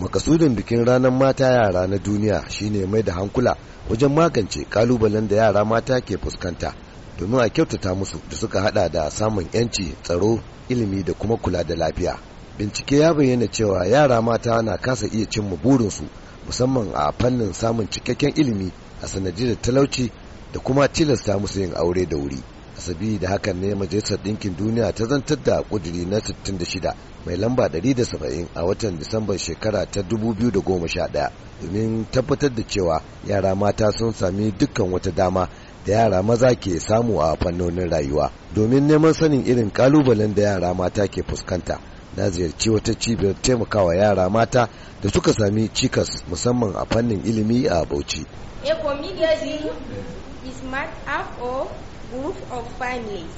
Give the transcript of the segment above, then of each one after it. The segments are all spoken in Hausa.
makasudin bikin ranar mata yara na duniya shine mai da hankula wajen magance kalubalen da yara mata ke fuskanta domin a kyautata musu da suka hada da samun yanci tsaro ilimi da kuma kula da lafiya bincike ya bayyana cewa yara mata na kasa iya cimma burinsu musamman a fannin samun cikakken ilimi a sanadiyar talauci da kuma tilasta musu yin aure da wuri asabi da hakan ne majalisar ɗinkin duniya ta zantar da ƙuduri na 66 mai lamba 170 a watan disamban shekara ta 2011 domin tabbatar da cewa yara mata sun sami dukkan wata dama da yara maza ke samu a fannonin rayuwa domin neman sanin irin kalubalen da yara mata ke fuskanta na ziyarci wata cibiyar taimakawa yara mata da suka sami cikas musamman a fannin ilimi a bauchi group of families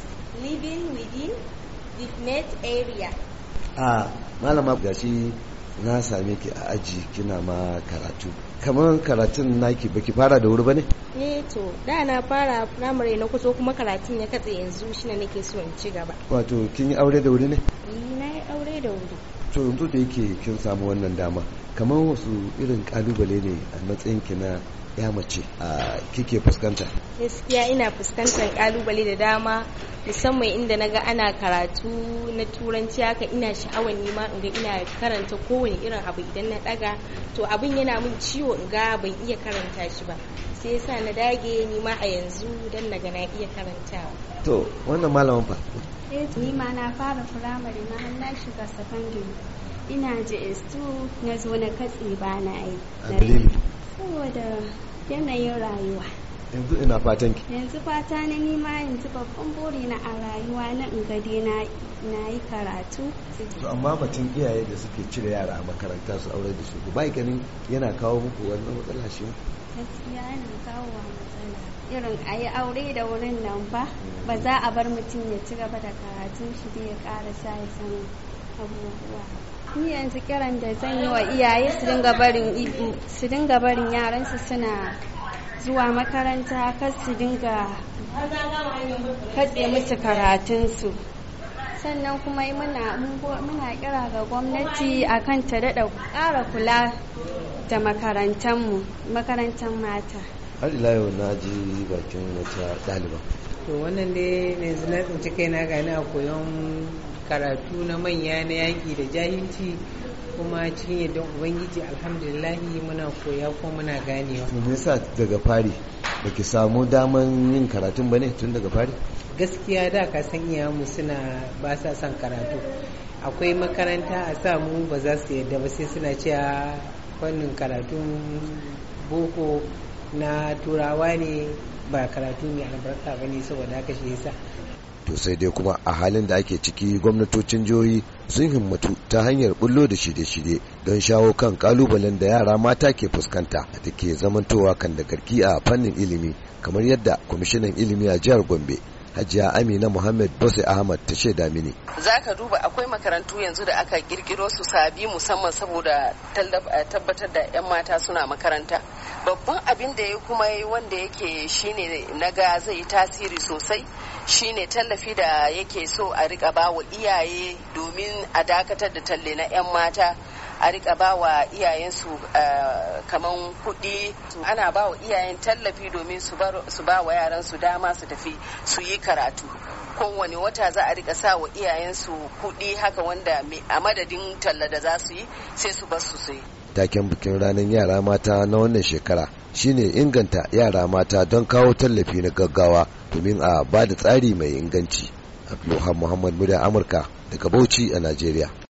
living within the met area. A malama gashi na same ki a aji kina ma karatu. Kamar karatun naki baki fara da wuri ba ne? Eh to, da na fara firamare na kusa kuma karatun ya katse yanzu shine nake so in ci gaba. Wato kin yi aure da wuri ne? Ni eh, na yi aure da wuri. To yanzu da yake kin samu wannan dama, kamar wasu irin kalubale ne a matsayin ki na ya mace kike fuskanta gaskiya ina fuskantar kalubale da dama musamman inda na ga ana karatu na turanci haka ina sha'awar nima in ga ina karanta kowane irin abu idan na daga to abin yana min ciwo in ga ban iya karanta shi ba sai yasa na dage nima a yanzu dan naga na iya karantawa to wannan malamin fa eh ni ma na fara firamare na har na shiga sakandare ina js2 na zo na katse ba na aiki saboda yanayin rayuwa yanzu ina fatan ki yanzu fata na nima yanzu babban buri na a rayuwa na in gade na yi karatu to amma batun iyaye da suke cire yara a makaranta su aure da su bai ganin yana kawo muku wannan matsala shi gaskiya yana kawo wa matsala irin a yi aure da wurin nan ba ba za a bar mutum ya ci gaba da karatun shi da ya ƙara sa ya san abubuwa ni yanzu kiran da zan yi wa iyaye su dinga barin su dinga barin yaransu suna zuwa makaranta kar su dinga katse musu karatunsu sannan kuma muna kira ga gwamnati akan ta daɗa ƙara kula da makarantanmu makarantar mata har ila yau na ji bakin wata ɗaliba to wannan ne ne na tsinci kaina gani a koyon karatu na manya na yaƙi da jahilci kuma cikin yadda ubangiji alhamdulillahi muna koya ko muna ganewa me yasa daga fari baki samu daman yin karatun bane tun daga fari gaskiya da ka san mu suna ba sa son karatu akwai makaranta a samu ba za su yadda ba sai suna cewa fannin karatun boko na turawa ne ba karatu mai albarka ba ne saboda haka shi yasa to sai dai kuma a halin da ake ciki gwamnatocin jihohi sun himmatu ta hanyar bullo da shirye-shirye don shawo kan kalubalen da yara mata ke fuskanta da ke zamantowa kan da karki a fannin ilimi kamar yadda kwamishinan ilimi a jihar gombe Hajiya Amina Muhammad Bose Ahmad ta shaida mini. Za ka duba akwai makarantu yanzu da aka kirkiro su sabi musamman saboda eh, tabbatar da 'yan mata suna makaranta. Babban abin da ya kuma yi wanda yake shine na ga zai tasiri sosai Shi ne tallafi da yake so a rika ba wa iyaye domin a dakatar da talle na 'yan mata a rika ba wa iyayensu eh, kaman kuɗi ana ba wa iyayen tallafi domin su ba wa yaransu dama su tafi su yi karatu kowane wata za a rika sa wa iyayensu kuɗi haka wanda a madadin talla da za su yi sai su bar su su yi bikin ranar yara mata na wannan shekara shine inganta yara mata don kawo tallafi na gaggawa domin a ba da tsari mai inganci. Abdulluhan Muhammad Muda Amurka daga Bauchi a Najeriya.